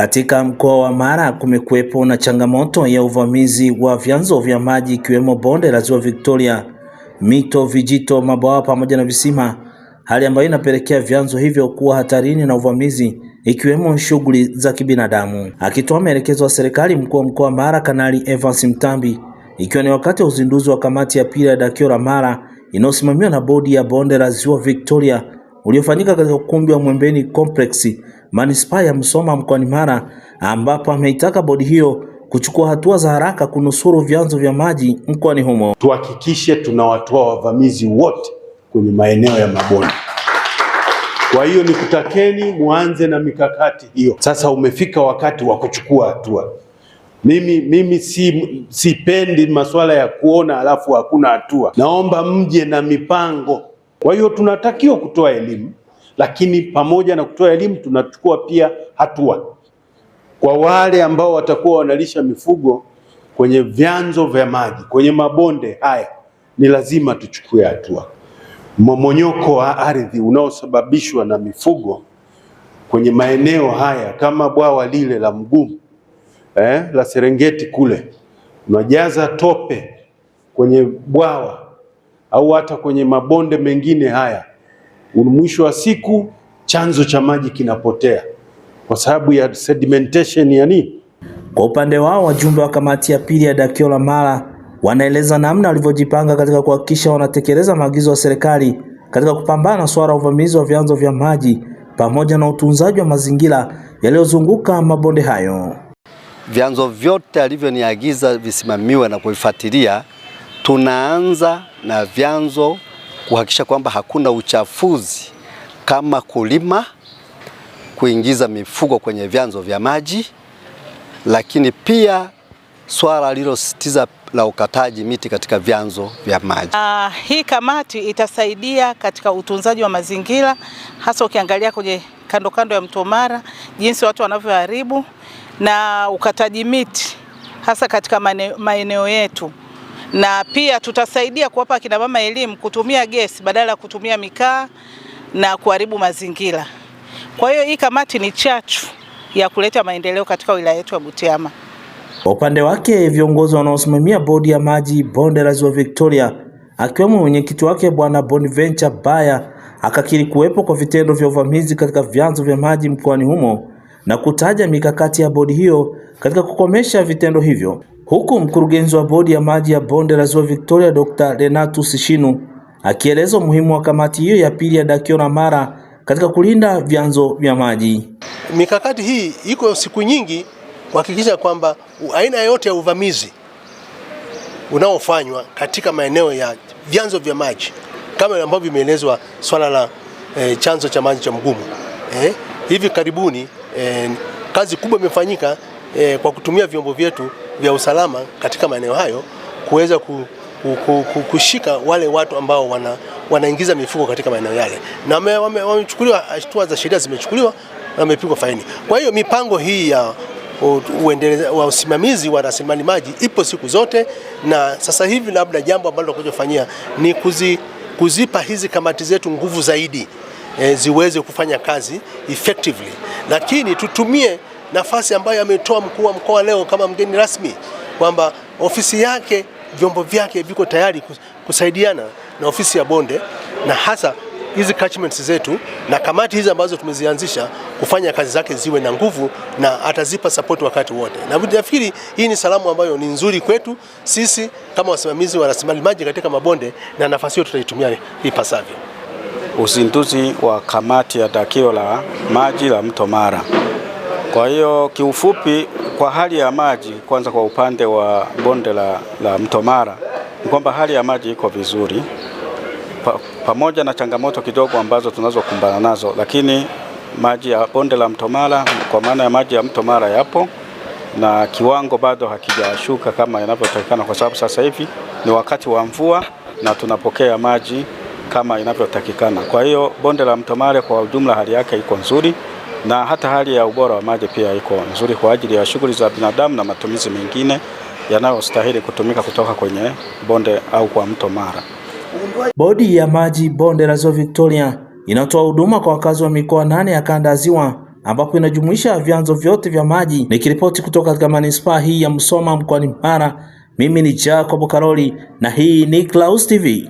Katika mkoa wa Mara kumekuwepo na changamoto ya uvamizi wa vyanzo vya maji ikiwemo bonde la ziwa Victoria, mito, vijito, mabwawa pamoja na visima, hali ambayo inapelekea vyanzo hivyo kuwa hatarini na uvamizi ikiwemo shughuli za kibinadamu. Akitoa maelekezo ya serikali, mkuu wa mkoa wa Mara Kanali Evans Mtambi, ikiwa ni wakati wa uzinduzi wa kamati ya pili ya dakio la Mara inayosimamiwa na bodi ya bonde la ziwa Victoria uliofanyika katika ukumbi wa Mwembeni Complex manispaa ya Msoma mkoani Mara, ambapo ameitaka bodi hiyo kuchukua hatua za haraka kunusuru vyanzo vya maji mkoani humo. Tuhakikishe tunawatoa wavamizi wote kwenye maeneo ya mabonde. Kwa hiyo nikutakeni muanze na mikakati hiyo. Sasa umefika wakati wa kuchukua hatua. Mimi, mimi si sipendi masuala ya kuona alafu hakuna hatua. Naomba mje na mipango kwa hiyo tunatakiwa kutoa elimu, lakini pamoja na kutoa elimu tunachukua pia hatua kwa wale ambao watakuwa wanalisha mifugo kwenye vyanzo vya maji, kwenye mabonde haya, ni lazima tuchukue hatua. Mmomonyoko wa ardhi unaosababishwa na mifugo kwenye maeneo haya kama bwawa lile la Mgumu eh, la Serengeti kule, unajaza tope kwenye bwawa au hata kwenye mabonde mengine haya, mwisho wa siku chanzo cha maji kinapotea kwa sababu ya sedimentation ya nini. Kwa upande wao, wajumbe wa kamati ya pili ya dakio la Mara wanaeleza namna walivyojipanga katika kuhakikisha wanatekeleza maagizo ya serikali katika kupambana na suala la uvamizi wa vyanzo vya maji pamoja na utunzaji wa mazingira yaliyozunguka mabonde hayo. Vyanzo vyote alivyoniagiza visimamiwe na kuifuatilia tunaanza na vyanzo kuhakikisha kwamba hakuna uchafuzi kama kulima, kuingiza mifugo kwenye vyanzo vya maji, lakini pia swala lilosisitiza la ukataji miti katika vyanzo vya maji. Uh, hii kamati itasaidia katika utunzaji wa mazingira hasa ukiangalia kwenye kando kando ya mto Mara jinsi watu wanavyoharibu na ukataji miti hasa katika maeneo yetu na pia tutasaidia kuwapa akina mama elimu kutumia gesi badala ya kutumia mikaa na kuharibu mazingira. Kwa hiyo hii kamati ni chachu ya kuleta maendeleo katika wilaya yetu ya Butiama. Kwa upande wake, viongozi wanaosimamia bodi ya maji bonde la Ziwa Victoria akiwemo mwenyekiti wake Bwana Bonaventure Baya akakiri kuwepo kwa vitendo vya uvamizi katika vyanzo vya maji mkoani humo na kutaja mikakati ya bodi hiyo katika kukomesha vitendo hivyo huku mkurugenzi wa bodi ya maji ya bonde la ziwa Victoria Dr. Renatus Shinu akieleza umuhimu wa kamati hiyo ya pili ya Dakio na Mara katika kulinda vyanzo vya maji. Mikakati hii iko siku nyingi kuhakikisha kwamba aina yote ya uvamizi unaofanywa katika maeneo ya vyanzo vya maji kama ambavyo vimeelezwa swala la eh, chanzo cha maji cha mgumu eh, hivi karibuni eh, kazi kubwa imefanyika eh, kwa kutumia vyombo vyetu vya usalama katika maeneo hayo kuweza ku, ku, ku, ku, kushika wale watu ambao wana, wanaingiza mifugo katika maeneo yale, na wamechukuliwa wame, hatua za sheria zimechukuliwa na wamepigwa faini. Kwa hiyo mipango hii ya wa usimamizi wa rasilimali maji ipo siku zote, na sasa hivi labda jambo ambalo tunakojafanyia ni kuzi, kuzipa hizi kamati zetu nguvu zaidi e, ziweze kufanya kazi effectively, lakini tutumie nafasi ambayo ametoa mkuu wa mkoa leo kama mgeni rasmi kwamba ofisi yake vyombo vyake viko tayari kusaidiana na ofisi ya bonde na hasa hizi catchments zetu na kamati hizi ambazo tumezianzisha kufanya kazi zake ziwe na nguvu na atazipa support wakati wote. Na nafikiri hii ni salamu ambayo ni nzuri kwetu sisi kama wasimamizi wa rasilimali maji katika mabonde, na nafasi hiyo tutaitumia ipasavyo. Uzinduzi wa kamati ya takio la maji la Mto Mara. Kwa hiyo kiufupi, kwa hali ya maji kwanza, kwa upande wa bonde la, la mto Mara ni kwamba hali ya maji iko vizuri pa, pamoja na changamoto kidogo ambazo tunazokumbana nazo, lakini maji ya bonde la mto Mara kwa maana ya maji ya mto Mara yapo na kiwango bado hakijashuka kama inavyotakikana, kwa sababu sasa hivi ni wakati wa mvua na tunapokea maji kama inavyotakikana. Kwa hiyo bonde la mto Mara kwa ujumla hali yake iko nzuri na hata hali ya ubora wa maji pia iko nzuri kwa ajili ya shughuli za binadamu na matumizi mengine yanayostahili kutumika kutoka kwenye bonde au kwa mto Mara. Bodi ya maji bonde la Ziwa Victoria inatoa huduma kwa wakazi wa mikoa nane ya kanda ya Ziwa ambapo inajumuisha vyanzo vyote vya maji. Nikiripoti kutoka katika manispaa hii ya Musoma mkoani Mara, mimi ni Jacob Karoli na hii ni Clouds TV.